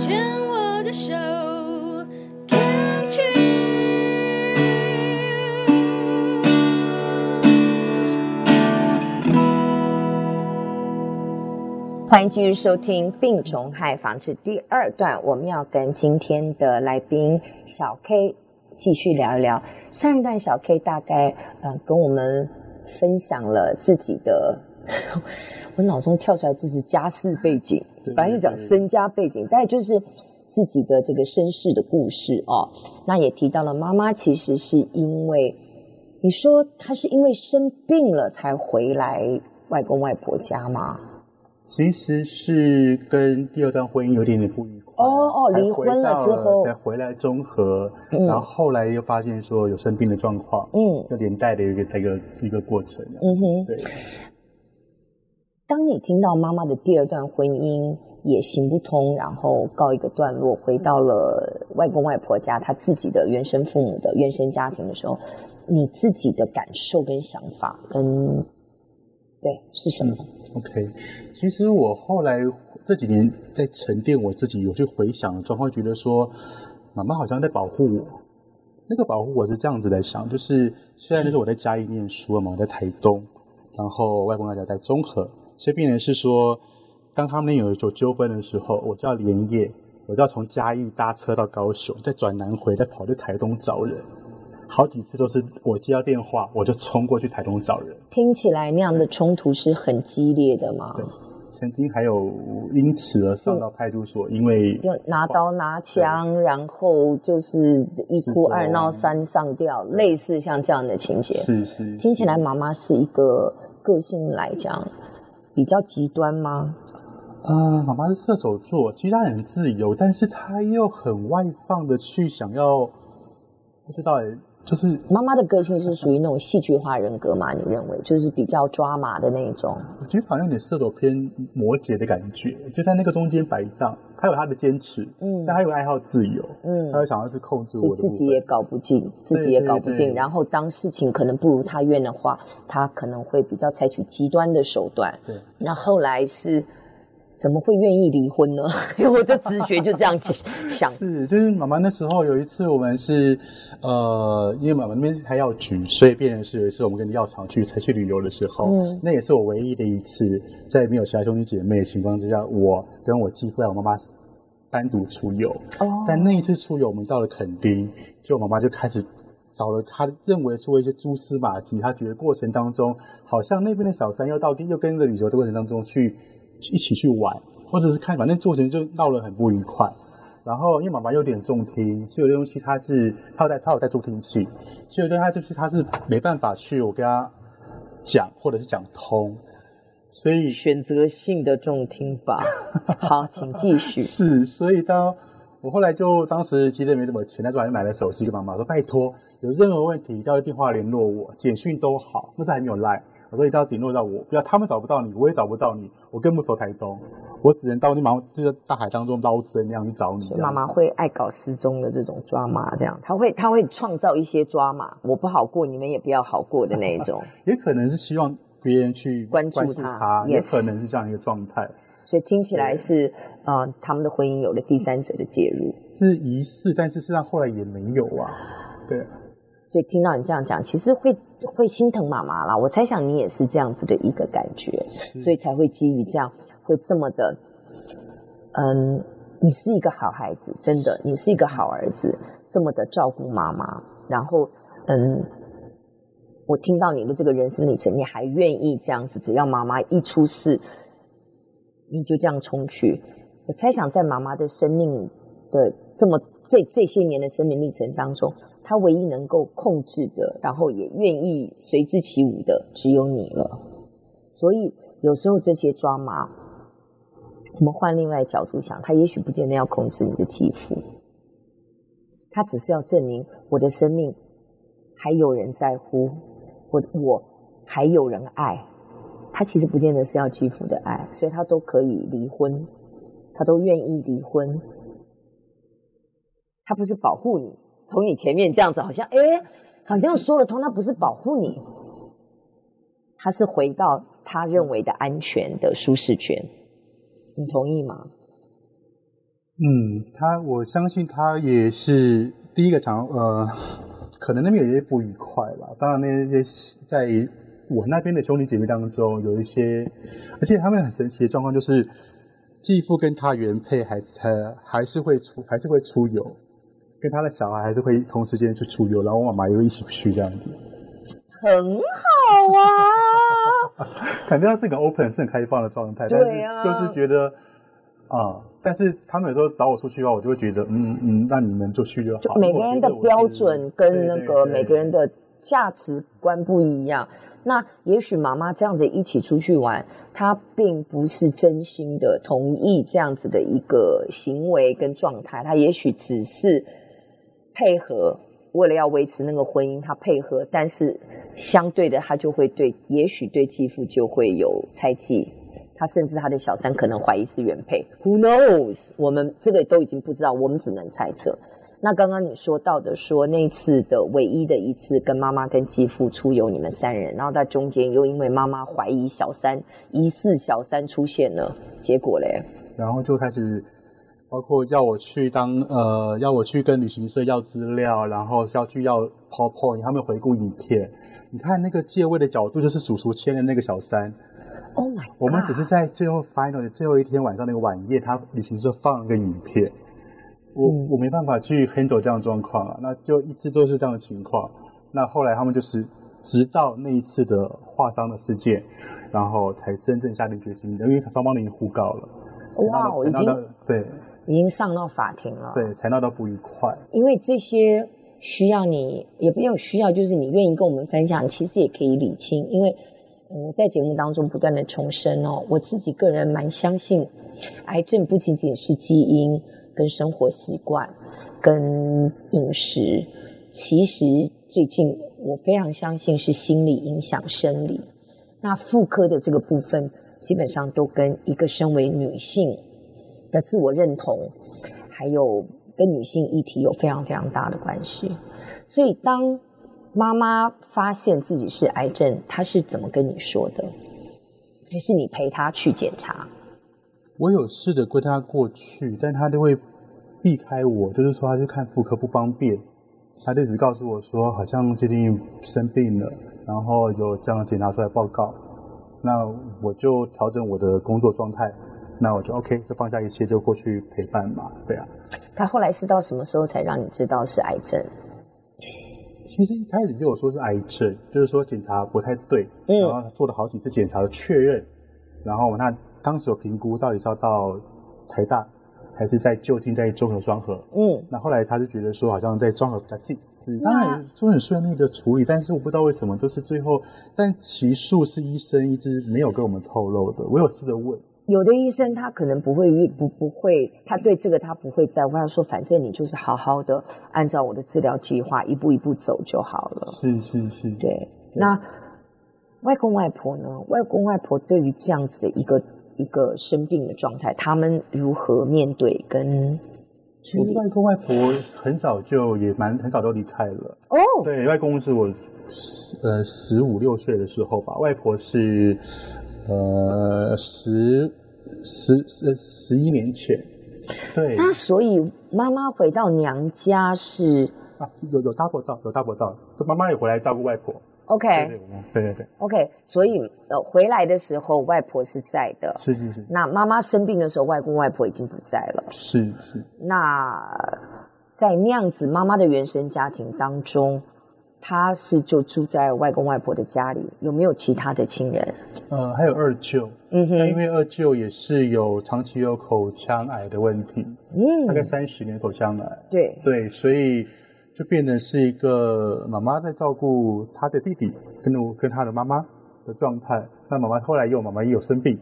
牽我的手，看去。歡迎繼續收聽《病蟲害防治》第二段，我們要跟今天的來賓小 K 繼續聊一聊。上一段小 K 大概呃跟我們分享了自己的。 我腦中跳出來，這是家世背景，反正是講身家背景，但也就是自己的這個身世的故事啊、哦。那也提到了媽媽，其實是因為你說她是因為生病了才回來外公外婆家嗎？其實是跟第二段婚姻有點點不愉快。哦哦，離婚了之後回了再回來中和，嗯、然後後來又發現說有生病的狀況，嗯，就連帶的一個一個一個，一個過程。嗯哼，對。當你聽到媽媽的第二段婚姻也行不通，然後告一個段落，回到了外公外婆家，他自己的原生父母的原生家庭的時候，你自己的感受跟想法跟對是什麼？嗯，OK，其實我後來這幾年在沉澱我自己，有去回想，總會覺得說，媽媽好像在保護我。那個保護我是這樣子在想，就是雖然那時候我在家裡念書嘛，我在台東，嗯、然後外公外婆家在中和。所以病人是說，當他們有一種糾紛的時候，我就要連夜，我就要從嘉義搭車到高雄，再轉南迴，再跑去台東找人。好幾次都是我接到電話，我就衝過去台東找人。聽起來那樣的衝突是很激烈的嗎？對，曾經還有因此而上到派出所，是因為拿刀拿槍，對然後就是一哭二鬧三上吊，說類似像這樣的情節。是是，是聽起來媽媽是一個個性來講比較極端嗎？呃、嗯，媽媽是射手座，其實她很自由，但是她又很外放的去想要，不知道哎、欸，就是媽媽的個性是屬於那種戲劇化人格嘛？你認為就是比較抓馬的那一種？我覺得好像有點射手偏摩羯的感覺，就在那個中間擺盪。他有他的堅持，嗯，但他有愛好自由，嗯，他會想要去控制我的，我自己也搞不定，對對對，自己也搞不定，對對對，然後當事情可能不如他願的話，他可能會比較採取極端的手段，對，那後來是。怎麼會願意離婚呢？因 為我的直覺就這樣想。 是，就是媽媽那時候有一次，我們是呃，因為媽媽那邊還要娶，所以變成是有一次我們跟着藥廠去才去旅遊的時候，嗯、那也是我唯一的一次在沒有其他兄弟姐妹的情況之下，我跟我繼父、我媽媽單獨出遊。哦、但那一次出遊，我們到了墾丁，就媽媽就開始找了她認為做一些蛛絲馬跡。她覺得過程當中，好像那邊的小三又到底又跟着旅遊的過程當中去。一起去玩，或者是看，反正做成就鬧得很不愉快。然後因為媽媽有點重聽，所以有的東西他是套在套在有助聽器，所以有的他就是他是沒辦法去，我跟他講或者是講通，所以選擇性的重聽吧。 好，請繼續。是，所以到我後來就當時其實沒什麼錢，那時候還是買了手機跟媽媽說，拜托有任何問題要電話聯絡我，簡訊都好。那時還沒有 Line。我說一定要緊落到我，不要他們找不到你，我也找不到你，我更不熟台東，我只能到你媽，就是大海當中撈針那樣去找你。媽媽會愛搞失蹤的這種抓馬，這樣，嗯、他會他會創造一些抓馬，我不好過，你們也不要好過的那一種。啊、也可能是希望別人去關注他，關注他也可能是這樣一個狀態。Yes. 對所以聽起來是，對呃，他們的婚姻有了第三者的介入，是疑似，但是事實上後來也沒有啊，對。所以聽到你這樣講，其實會會心疼媽媽啦。我猜想你也是這樣子的一個感覺，是所以才會基於這樣，會這麼的，嗯，你是一個好孩子，真的，是你是一個好兒子，這麼的照顧媽媽，然後，嗯，我聽到你的這個人生歷程，對你還願意這樣子，只要媽媽一出事，你就這樣衝去。我猜想在媽媽的生命的這麼。在這些年的生命歷程當中，他唯一能夠控制的，然後也願意隨之起舞的，只有你了。所以有時候這些抓馬，我們換另外一個角度想，他也許不見得要控制你的肌膚，他只是要證明我的生命還有人在乎我，我還有人愛。他其實不見得是要肌膚的愛，所以他都可以離婚，他都願意離婚。他不是保護你，從你前面這樣子好像，哎、欸，好像說得通。他不是保護你，他是回到他認為的安全的舒適圈。你同意嗎？嗯，他我相信他也是第一個嘗，呃，可能那邊有些不愉快吧。當然，那些在我那邊的兄弟姐妹當中，有一些，而且他們很神奇的狀況就是，繼父跟他原配還還還是會出還是會出遊。跟他的小孩還是會同時間去出遊，然後我媽媽又一起去這樣子，很好啊，肯定 是一個 open、是很開放的狀態，對啊，但是就是覺得啊，嗯，但是他們有時候找我出去的話，我就會覺得嗯嗯，那你們就去就好。就每個人的標準跟那個每個人的價值觀不一樣，那也許媽媽這樣子一起出去玩，她並不是真心的同意這樣子的一個行為跟狀態，她也許只是。配合，為了要維持那個婚姻，他配合，但是相對的，他就會對，也許對繼父就會有猜忌。他甚至他的小三可能懷疑是原配，Who knows？我們這個都已經不知道，我們只能猜測。那剛剛你說到的說，說那次的唯一的一次跟媽媽跟繼父出遊，你們三人，然後在中間又因為媽媽懷疑小三，疑似小三出現了，結果嘞？然後就開始。包括要我去當呃，要我去跟旅行社要資料，然後要去要 PowerPoint 他們回顧影片。你看那個借位的角度，就是叔叔牽的那個小三。Oh my God，我們只是在最後 final 最後一天晚上那個晚宴，他旅行社放了個影片。我、嗯、我沒辦法去 handle 這樣的狀況啊，那就一直都是這樣的情況。那後來他們就是直到那一次的畫傷的事件，然後才真正下定決心，因為雙方已經互告了。哇 Wow,，我已經對。已經上到法庭了，對，才鬧到不愉快。因為這些需要你，也不要需要，就是你願意跟我們分享，其實也可以理清。因為我、嗯、在節目當中不斷的重申哦，我自己個人蠻相信，癌症不僅僅是基因、跟生活習慣、跟飲食，其實最近我非常相信是心理影響生理。那婦科的這個部分，基本上都跟一個身為女性，的自我認同，還有跟女性議題有非常非常大的關係。所以，當媽媽發現自己是癌症，她是怎麼跟你說的？還是你陪她去檢查？我有試着跟她過去，但她就會避開我，就是說她去看婦科不方便。她就只告訴我說，好像最近生病了，然後有這樣檢查出來報告。那我就調整我的工作狀態。那我就 OK，就放下一切，就過去陪伴嘛，對啊。他後來是到什麼時候才讓你知道是癌症？其實一開始就有說是癌症，就是說檢查不太對，嗯，然後做了好幾次檢查的確認，然後那當時有評估到底是要到台大還是在就近在中和雙和，嗯，那後來他就覺得說好像在中和比較近，是當然就很順利的處理，嗯，但是我不知道為什麼都，就是最後，但其實是醫生一直沒有跟我們透露的，我有試着問。有的醫生他可能不會遇不不會，他對這個他不會在乎。他說：“反正你就是好好的，按照我的治療計劃一步一步走就好了。是”是是是。對，是那外公外婆呢？外公外婆對於這樣子的一個一個生病的狀態，他們如何面對跟？跟外公外婆很早就也蠻很早都離開了哦。對，外公是我十呃十五六歲的時候吧，外婆是。呃，十十十,十一年前，對。那所以媽媽回到娘家是啊，有有大伯照顧，有大伯照顧，就媽媽也回來照顧外婆。OK，對對，對對對。OK，所以呃回來的時候外婆是在的。是是是。那媽媽生病的時候，外公外婆已經不在了。是是。那在那樣子，媽媽的原生家庭當中。他是就住在外公外婆的家裡，有沒有其他的親人？呃，還有二舅。嗯哼。那因為二舅也是有長期有口腔癌的問題，嗯，大概三十年口腔癌。對對，所以就變成是一個媽媽在照顧他的弟弟，跟跟他的媽媽的狀態。那媽媽後來又媽媽也有生病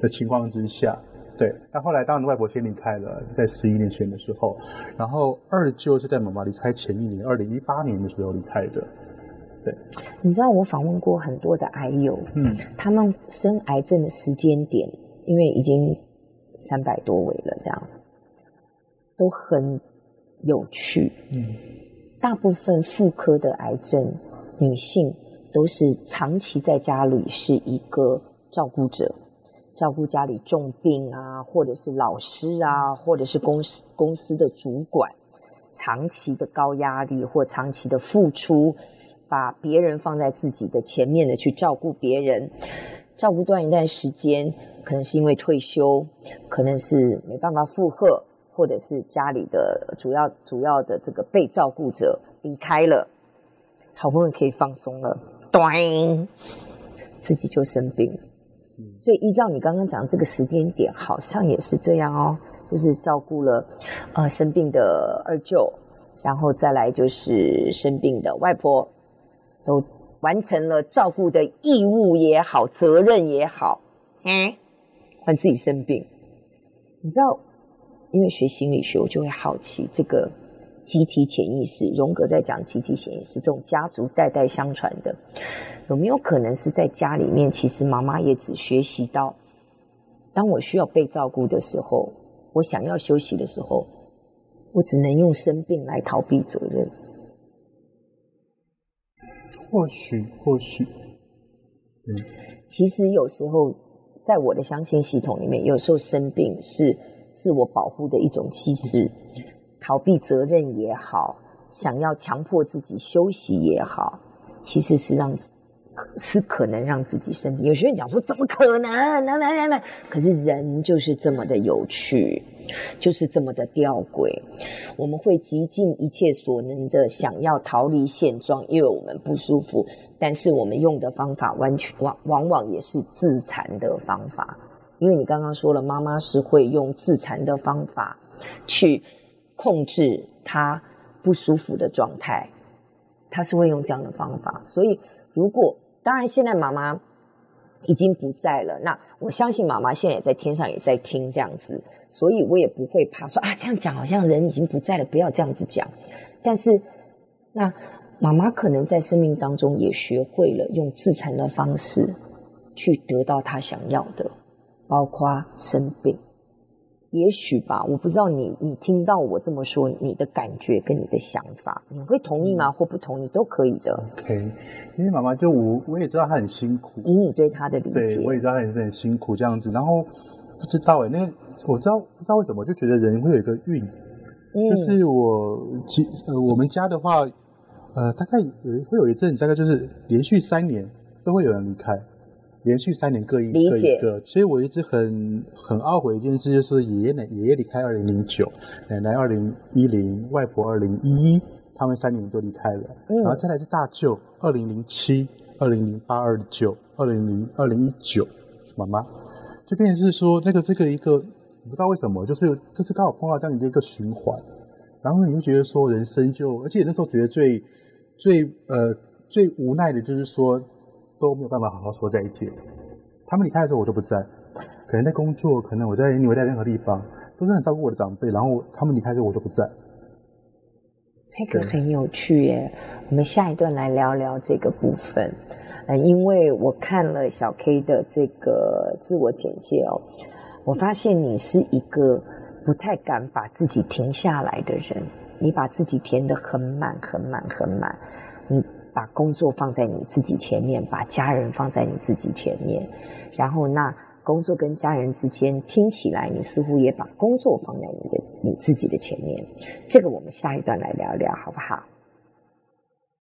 的情況之下。對，那後來，當你外婆先離開了，在十一年前的時候，然後二舅是在媽媽離開前一年，二零一八年的時候離開的。對，你知道我訪問過很多的癌友，嗯，他們生癌症的時間點，因為已經三百多位了，這樣，都很有趣。嗯，大部分婦科的癌症，女性都是長期在家裡是一個照顧者。照顧家裡重病啊，或者是老師啊，或者是公司公司的主管，長期的高壓力或長期的付出，把別人放在自己的前面的去照顧別人，照顧短一段時間，可能是因為退休，可能是沒辦法負荷，或者是家裡的主要主要的這個被照顧者離開了，好不容易可以放鬆了，咚、呃，自己就生病。所以依照你剛剛講的這個時間點，好像也是這樣哦，就是照顧了，呃，生病的二舅，然後再來就是生病的外婆，都完成了照顧的義務也好，責任也好，嗯，換自己生病。你知道，因為學心理學，我就會好奇這個。集體潛意識，榮格在講集體潛意識，這種家族代代相傳的，有沒有可能是在家裡面？其實媽媽也只學習到，當我需要被照顧的時候，我想要休息的時候，我只能用生病來逃避責任。或許，或許，嗯。其實有時候，在我的相信系統裡面，有時候生病是自我保護的一種機制。逃避責任也好，想要強迫自己休息也好，其實是讓是可能讓自己生病。有些人講說：“怎麼可能？”，來來來來，可是人就是這麼的有趣，就是這麼的吊詭。我們會極盡一切所能的想要逃離現狀，因為我們不舒服。但是我們用的方法完全往往往也是自殘的方法，因為你剛剛說了，媽媽是會用自殘的方法去。控制他不舒服的狀態，他是會用這樣的方法。所以，如果當然現在媽媽已經不在了，那我相信媽媽現在也在天上也在聽這樣子，所以我也不會怕說啊，這樣講好像人已經不在了，不要這樣子講。但是，那媽媽可能在生命當中也學會了用自殘的方式去得到她想要的，包括生病。也許吧，我不知道你你聽到我這麼說，你的感覺跟你的想法，你會同意嗎？嗯、或不同意都可以的。OK，因為媽媽就我我也知道她很辛苦。以你對她的理解。對，我也知道她也是很辛苦這樣子。然後不知道哎、欸，那個、我知道不知道為什麼，我就覺得人會有一個運，嗯、就是我其、呃、我們家的話，呃大概有會有一陣大概就是連續三年都會有人離開。連續三年各一，個解各一個，所以我一直很很懊悔的一件事，就是爺爺奶爺爺離開二零零九，奶奶二零一零，外婆二零一一，他們三年都離開了，嗯、然後再來是大舅二零零七、二零零八、二九、二零零二零一九，媽媽，就變成就是說那個這個一個我不知道為什麼，就是這次剛好碰到這樣一個一個循環，然後你會覺得說人生就，而且那時候覺得最最呃最無奈的就是說。都沒有辦法好好說再見。他們離開的時候，我都不在，可能在工作，可能我在，紐約在任何地方，都是很照顧我的長輩。然後他們離開的時候，我都不在。這個很有趣耶，嗯、我們下一段來聊聊這個部分。嗯，因為我看了小 K 的這個自我簡介哦，我發現你是一個不太敢把自己停下來的人，你把自己填得很滿、很滿、很滿。嗯。把工作放在你自己前面，把家人放在你自己前面，然後那工作跟家人之間，聽起來你似乎也把工作放在你的你自己的前面，這個我們下一段來聊聊，好不好？